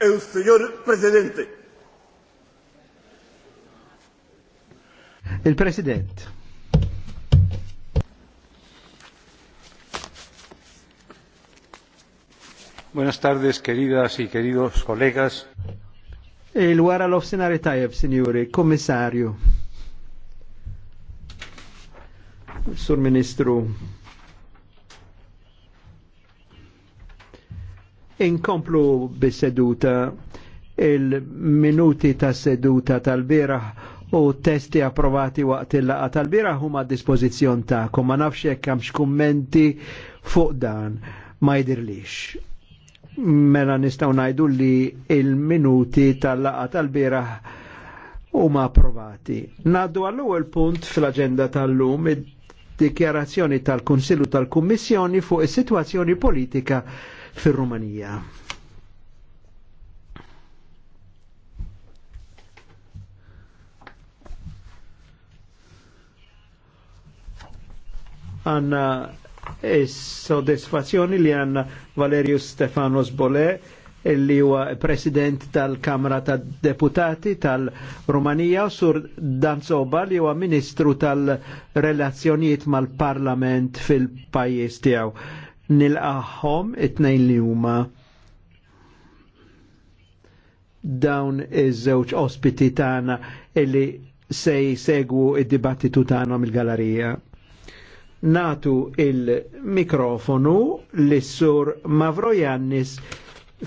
el señor presidente. Il president. Buenas tardes, queridas y queridos colegas. Il-wara l-ofsinari tajab, signori, kommissarju. Sur Ministru, Inkomplu bis-seduta il-minuti ta' seduta tal-biraħ u testi approvati waqt il-laqa tal-biraħ huma dispożizzjon ta' ma nafx jekk hemmx kummenti fuq dan ma jidirlix. Mela nistgħu ngħidu li il-minuti tal-laqa tal-biraħ huma approvati. Naddu għall-ewwel punt fl-aġenda tal-lum dikjarazzjoni tal-Kunsillu tal-Kummissjoni fuq is-sitwazzjoni politika fir-Rumanija. Għanna is-sodisfazzjoni li għanna Valerius Stefanos Bole li huwa president tal-Kamra tad deputati tal-Rumanija u sur Dan li huwa ministru tal-relazzjonijiet mal-Parlament fil-pajjiż tiegħu. Nilqahom it-tnejn li huma dawn iż-żewġ ospiti tagħna illi se jsegwu id-dibattitu tagħna mill-galerija. Natu il-mikrofonu l-sur Mavrojannis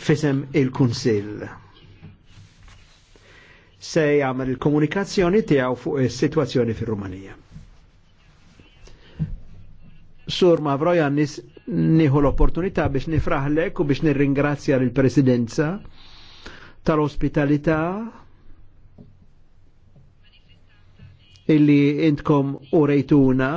fisem il-Kunsill. Se jagħmel il-komunikazzjoni tiegħu fuq is-sitwazzjoni fir-Rumanija. Sur Mavro Jannis nieħu l-opportunità biex nifraħlek u biex nirringrazzja lill-Presidenza tal-ospitalità illi intkom u rejtuna